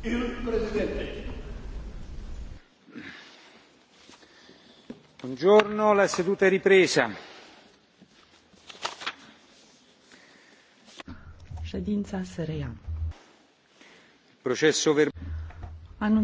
Il Presidente. Buongiorno, la seduta è ripresa. Ședința se reia. Procesul